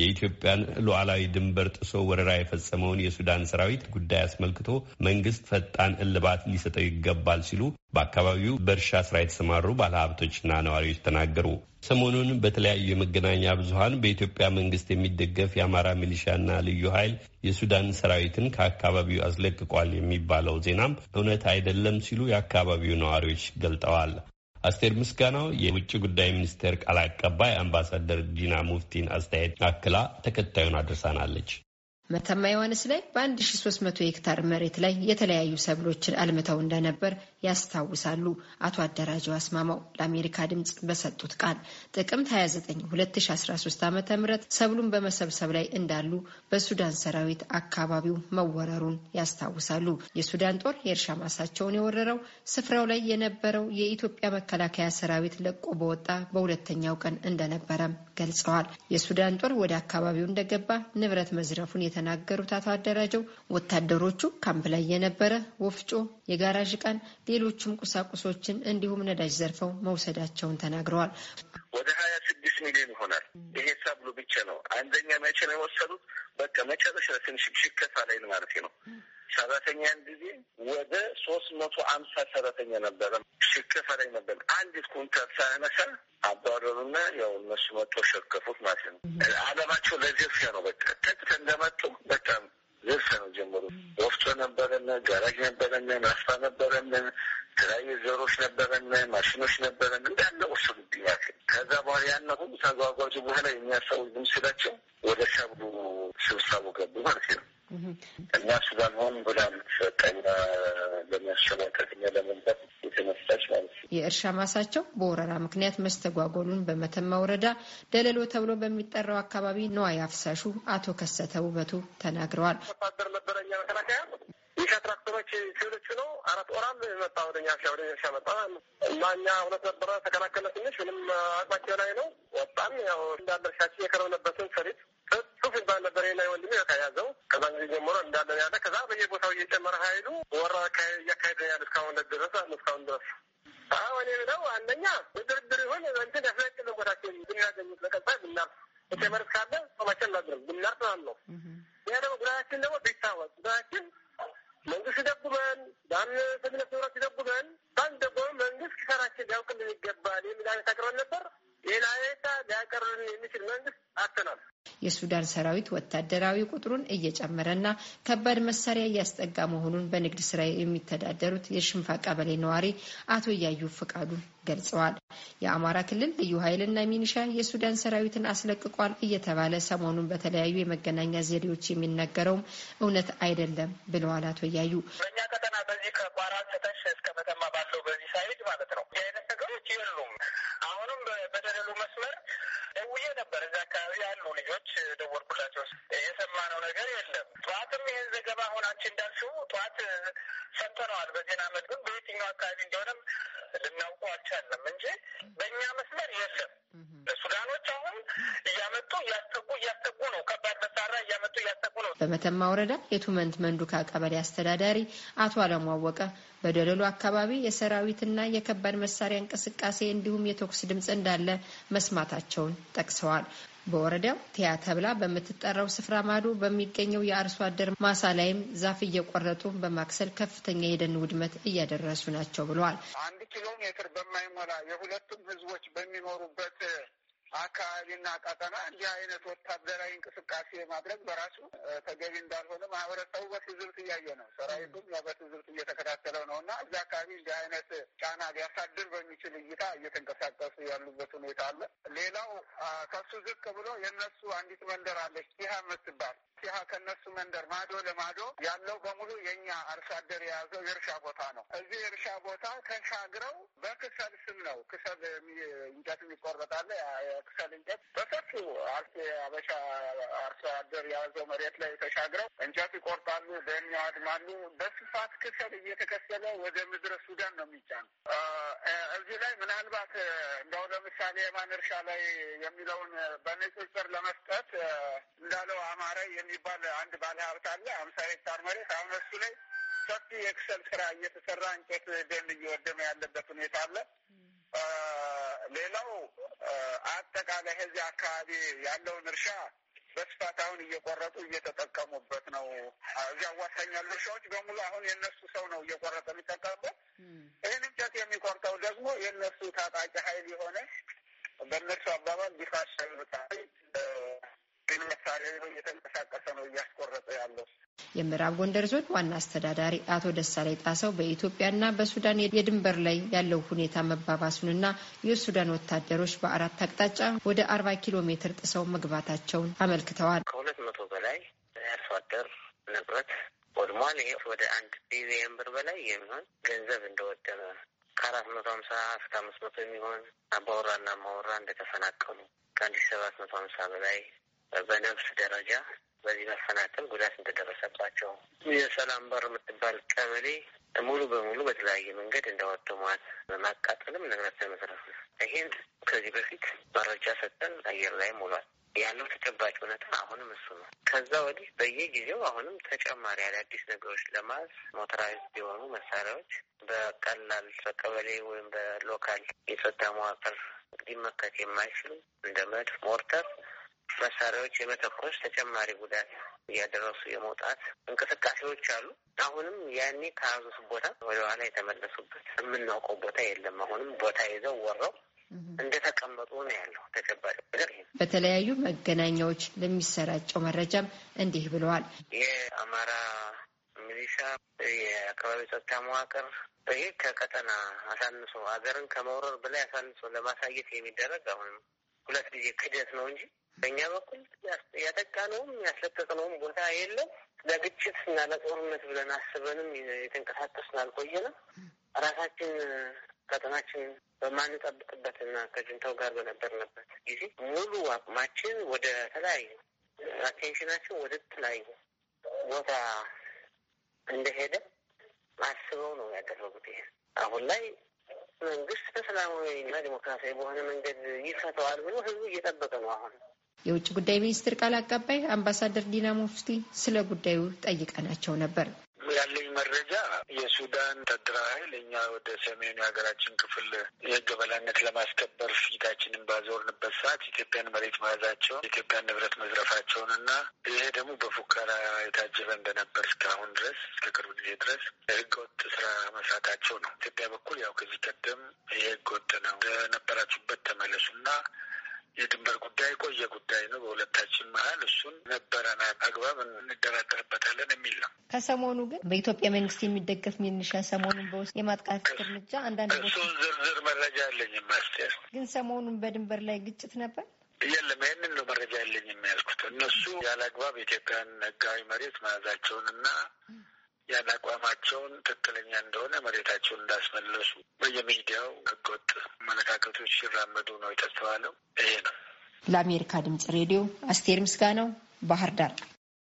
የኢትዮጵያን ሉዓላዊ ድንበር ጥሶ ወረራ የፈጸመውን የሱዳን ሰራዊት ጉዳይ አስመልክቶ መንግስት ፈጣን እልባት ሊሰጠው ይገባል ሲሉ በአካባቢው በእርሻ ስራ የተሰማሩ ባለሀብቶችና ነዋሪዎች ተናገሩ። ሰሞኑን በተለያዩ የመገናኛ ብዙኃን በኢትዮጵያ መንግስት የሚደገፍ የአማራ ሚሊሻና ልዩ ኃይል የሱዳን ሰራዊትን ከአካባቢው አስለቅቋል የሚባለው ዜናም እውነት አይደለም ሲሉ የአካባቢው ነዋሪዎች ገልጠዋል። አስቴር ምስጋናው የውጭ ጉዳይ ሚኒስቴር ቃል አቀባይ አምባሳደር ዲና ሙፍቲን አስተያየት አክላ ተከታዩን አድርሳናለች። መተማ ዮሐንስ ላይ በ1300 ሄክታር መሬት ላይ የተለያዩ ሰብሎችን አልምተው እንደነበር ያስታውሳሉ። አቶ አደራጀው አስማማው ለአሜሪካ ድምፅ በሰጡት ቃል ጥቅምት 29 2013 ዓ ም ሰብሉን በመሰብሰብ ላይ እንዳሉ በሱዳን ሰራዊት አካባቢው መወረሩን ያስታውሳሉ። የሱዳን ጦር የእርሻ ማሳቸውን የወረረው ስፍራው ላይ የነበረው የኢትዮጵያ መከላከያ ሰራዊት ለቆ በወጣ በሁለተኛው ቀን እንደነበረም ገልጸዋል። የሱዳን ጦር ወደ አካባቢው እንደገባ ንብረት መዝረፉን የተናገሩት አቶ አደራጀው ወታደሮቹ ካምፕ ላይ የነበረ ወፍጮ፣ የጋራዥ ዕቃን ሌሎችም ቁሳቁሶችን እንዲሁም ነዳጅ ዘርፈው መውሰዳቸውን ተናግረዋል። ወደ ሀያ ስድስት ሚሊዮን ይሆናል። ይሄ ሳብሎ ብቻ ነው። አንደኛ መቼ ነው የወሰዱት? በቃ መጨረሻ ትንሽ ሽከፋ ላይ ማለት ነው። ሰራተኛን ጊዜ ወደ ሶስት መቶ አምሳ ሰራተኛ ነበረ። ሽከፋ ላይ ነበር። አንዲት ኩንታል ሳያነሳ አባረሩና ያው እነሱ መጥቶ ሸከፉት ማለት ነው። አለማቸው ለዚያ ነው። ስለወሰዳቸው ወደ ሻብሉ ስብሳቡ ገቡ ማለት ነው እኛ ሱዳን ሆን ብላ የምትሰቃይና ለሚያሸማቀቅኛ ለመ የእርሻ ማሳቸው በወረራ ምክንያት መስተጓጎሉን በመተማ ወረዳ ደለሎ ተብሎ በሚጠራው አካባቢ ነዋይ አፍሳሹ አቶ ከሰተ ውበቱ ተናግረዋል። ወታደር ነበረኛ መከላከያ ይሻ ትራክተሮች ነው አራት ወራም መጣ ወደኛ ሻ ሻ መጣ እና እኛ ነበረ ተከላከለ። ትንሽ ምንም አቅማቸው ላይ ነው ያው ነበር ላይ በቃ ያዘው። ጊዜ ጀምሮ እንዳለ ያለ ከዛ በየቦታው እየጨመረ ሀይሉ እያካሄደ ያለ እስካሁን ድረስ እስካሁን ድረስ አሁን እኔ አንደኛ በድርድር ይሁን እንትን ያስለቅልን ቦታችን ብናገኙት በቀጣይ ብናርፍ የተመርስ ካለ ጾማችን እናድርም ብናርፍ ማለት ነው። ያ ደግሞ ጉዳያችን ደግሞ ቢታወቅ ጉዳያችን መንግስት ይደጉመን ባንስብነት ንብረት ይደጉመን ባንደጎም መንግስት ኪሳራችን ሊያውቅልን ይገባል የሚል አይነት አቅርበን ነበር። ሌላ ሌታ ሊያቀርብን የሚችል መንግስት አተናል። የሱዳን ሰራዊት ወታደራዊ ቁጥሩን እየጨመረና ከባድ መሳሪያ እያስጠጋ መሆኑን በንግድ ስራ የሚተዳደሩት የሽንፋ ቀበሌ ነዋሪ አቶ እያዩ ፍቃዱ ገልጸዋል። የአማራ ክልል ልዩ ኃይልና ሚኒሻ የሱዳን ሰራዊትን አስለቅቋል እየተባለ ሰሞኑን በተለያዩ የመገናኛ ዘዴዎች የሚነገረውም እውነት አይደለም ብለዋል። አቶ እያዩ በእኛ ቀጠና በዚህ ከቋራ ተተሽ እስከ መተማ ባለው በዚህ ሳይድ ማለት ነው ነገሮች የሉም ይሄ ነበር እዛ አካባቢ አሉ ልጆች ደወልኩላቸው። የሰማነው ነገር የለም። ጠዋትም ይህን ዘገባ ሆናችን አንቺ ጠዋት ሰምተነዋል በዜና መድብም በየትኛው አካባቢ እንደሆነም ልናውቁ አልቻለም እንጂ በእኛ መስመር የለም። ሱዳኖች አሁን እያመጡ እያስጠጉ እያስጠጉ ነው። ከባድ መሳሪያ እያመጡ እያስጠጉ ነው። በመተማ ወረዳ የቱመንት መንዱካ ቀበሌ አስተዳዳሪ አቶ አለሟወቀ በደለሉ አካባቢ የሰራዊትና የከባድ መሳሪያ እንቅስቃሴ እንዲሁም የተኩስ ድምፅ እንዳለ መስማታቸውን ጠቅሰዋል። በወረዳው ቲያ ተብላ በምትጠራው ስፍራ ማዶ በሚገኘው የአርሶ አደር ማሳ ላይም ዛፍ እየቆረጡ በማክሰል ከፍተኛ የደን ውድመት እያደረሱ ናቸው ብለዋል። አንድ ኪሎ ሜትር በማይሞላ የሁለቱም ህዝቦች በሚኖሩበት አካባቢና ቀጠና እንዲህ አይነት ወታደራዊ እንቅስቃሴ ማድረግ በራሱ ተገቢ እንዳልሆነ ማህበረሰቡ በትዝብት እያየ ነው። ሰራዊቱም ያው በትዝብት እየተከታተለው ነው እና እዚ አካባቢ እንዲህ አይነት ጫና ሊያሳድር በሚችል እይታ እየተንቀሳቀሱ ከሱ ዝቅ ብሎ የነሱ አንዲት መንደር አለች ሲሃ የምትባል ሲሃ ከነሱ መንደር ማዶ ለማዶ ያለው በሙሉ የእኛ አርሶ አደር የያዘው የእርሻ ቦታ ነው። እዚህ የእርሻ ቦታ ተሻግረው በክሰል ስም ነው ክሰል እንጨት የሚቆረጣለ ክሰል እንጨት በሰፊው አበሻ አርሶ አደር የያዘው መሬት ላይ ተሻግረው እንጨት ይቆርጣሉ፣ ደን ያወድማሉ። በስፋት ክሰል እየተከሰለ ወደ ምድረ ሱዳን ነው የሚጫነው። እዚህ ላይ ምናልባት እንደው ለምሳሌ የማን እርሻ ላይ የሚለውን በንጽጽር ለመስጠት እንዳለው አማረ የሚባል አንድ ባለሀብት አለ አምሳ ሄክታር መሬት አሁን እሱ ላይ ሰፊ የክሰል ስራ እየተሰራ እንጨት ደን እየወደመ ያለበት ሁኔታ አለ። ሌላው አጠቃላይ ከዚህ አካባቢ ያለውን እርሻ በስፋት አሁን እየቆረጡ እየተጠቀሙበት ነው። እዚህ አዋሳኝ ያሉ እርሻዎች በሙሉ አሁን የነሱ ሰው ነው እየቆረጠ የሚጠቀምበት። ይህን እንጨት የሚቆርጠው ደግሞ የነሱ ታጣቂ ኃይል የሆነ በእነሱ አባባል ዲፋሽን መሳሪያ እየተንቀሳቀሰ ነው እያስቆረጠ ያለው። የምዕራብ ጎንደር ዞን ዋና አስተዳዳሪ አቶ ደሳለኝ ጣሰው በኢትዮጵያና በሱዳን የድንበር ላይ ያለው ሁኔታ መባባሱንና የሱዳን ወታደሮች በአራት አቅጣጫ ወደ አርባ ኪሎ ሜትር ጥሰው መግባታቸውን አመልክተዋል። ከሁለት መቶ በላይ የአርሶ አደር ንብረት ወድሟል። ወደ አንድ ቢሊየን ብር በላይ የሚሆን ገንዘብ እንደወደመ ከአራት መቶ ሀምሳ እስከ አምስት መቶ የሚሆን አባወራና ማወራ እንደተፈናቀሉ ከአንድ ሰባት መቶ ሀምሳ በላይ በነፍስ ደረጃ በዚህ መፈናቀል ጉዳት እንደደረሰባቸው የሰላም በር የምትባል ቀበሌ ሙሉ በሙሉ በተለያየ መንገድ እንደወደሟት በማቃጠልም ንብረት ለመዝረፍ ይህን ከዚህ በፊት መረጃ ሰጠን አየር ላይ ሙሏል። ያለው ተጨባጭ እውነታ አሁንም እሱ ነው። ከዛ ወዲህ በየጊዜው አሁንም ተጨማሪ አዳዲስ ነገሮች ለማዝ ሞተራይዝድ የሆኑ መሳሪያዎች በቀላል በቀበሌ ወይም በሎካል የጸጥታ መዋቅር ሊመከት የማይችሉ እንደ መድፍ፣ ሞርተር መሳሪያዎች የመተኮስ ተጨማሪ ጉዳት እያደረሱ የመውጣት እንቅስቃሴዎች አሉ። አሁንም ያኔ ከያዙት ቦታ ወደኋላ የተመለሱበት የምናውቀው ቦታ የለም። አሁንም ቦታ ይዘው ወረው እንደተቀመጡ ነው ያለው ተጨባጭ በተለያዩ መገናኛዎች ለሚሰራጨው መረጃም እንዲህ ብለዋል። የአማራ ሚሊሻ፣ የአካባቢ ጸጥታ መዋቅር ይህ ከቀጠና አሳንሶ ሀገርን ከመውረር በላይ አሳንሶ ለማሳየት የሚደረግ አሁንም ሁለት ጊዜ ክደት ነው እንጂ በእኛ በኩል ያጠቃነውም ያስለቀቅነውም ቦታ የለም። ለግጭት እና ለጦርነት ብለን አስበንም የተንቀሳቀስን አልቆየንም። ራሳችን ቀጠናችን ና ከጅንታው ጋር በነበርንበት ጊዜ ሙሉ አቅማችን ወደ ተለያዩ አቴንሽናችን ወደ ተለያዩ ቦታ እንደሄደ አስበው ነው ያደረጉት። ይሄ አሁን ላይ መንግስት በሰላማዊ እና ዲሞክራሲያዊ በሆነ መንገድ ይፈተዋል ብሎ ህዝቡ እየጠበቀ ነው አሁን የውጭ ጉዳይ ሚኒስትር ቃል አቀባይ አምባሳደር ዲና ሙፍቲ ስለ ጉዳዩ ጠይቀናቸው ነበር። ያለኝ መረጃ የሱዳን ወታደራዊ ኃይል እኛ ወደ ሰሜኑ የሀገራችን ክፍል የህግ ለማስከበር ፊታችንን ባዞርንበት ሰዓት ኢትዮጵያን መሬት መያዛቸውን፣ የኢትዮጵያን ንብረት መዝረፋቸውን እና ይሄ ደግሞ በፉከራ የታጀበ እንደነበር እስካሁን ድረስ እስከ ቅርብ ጊዜ ድረስ ወጥ ስራ መስራታቸው ነው። ኢትዮጵያ በኩል ያው ከዚህ ቀደም የህገ ወጥ ነው፣ ወደነበራችሁበት ተመለሱና የድንበር ጉዳይ ቆየ ጉዳይ ነው በሁለታችን መሀል እሱን ነበረን አግባብ እንደራደርበታለን የሚል ነው። ከሰሞኑ ግን በኢትዮጵያ መንግስት የሚደገፍ ሚኒሻ ሰሞኑን በውስጥ የማጥቃት እርምጃ አንዳንድ እሱ ዝርዝር መረጃ አለኝም ማስቴር ግን ሰሞኑን በድንበር ላይ ግጭት ነበር የለም። ይህንን ነው መረጃ ያለኝ የሚያልኩት እነሱ ያለ አግባብ የኢትዮጵያን ህጋዊ መሬት መያዛቸውንና ያን አቋማቸውን ትክክለኛ እንደሆነ መሬታቸውን እንዳስመለሱ በየሚዲያው ህገወጥ አመለካከቶች ሲራመዱ ነው የተስተዋለው። ይሄ ነው። ለአሜሪካ ድምጽ ሬዲዮ አስቴር ምስጋናው ባህር ዳር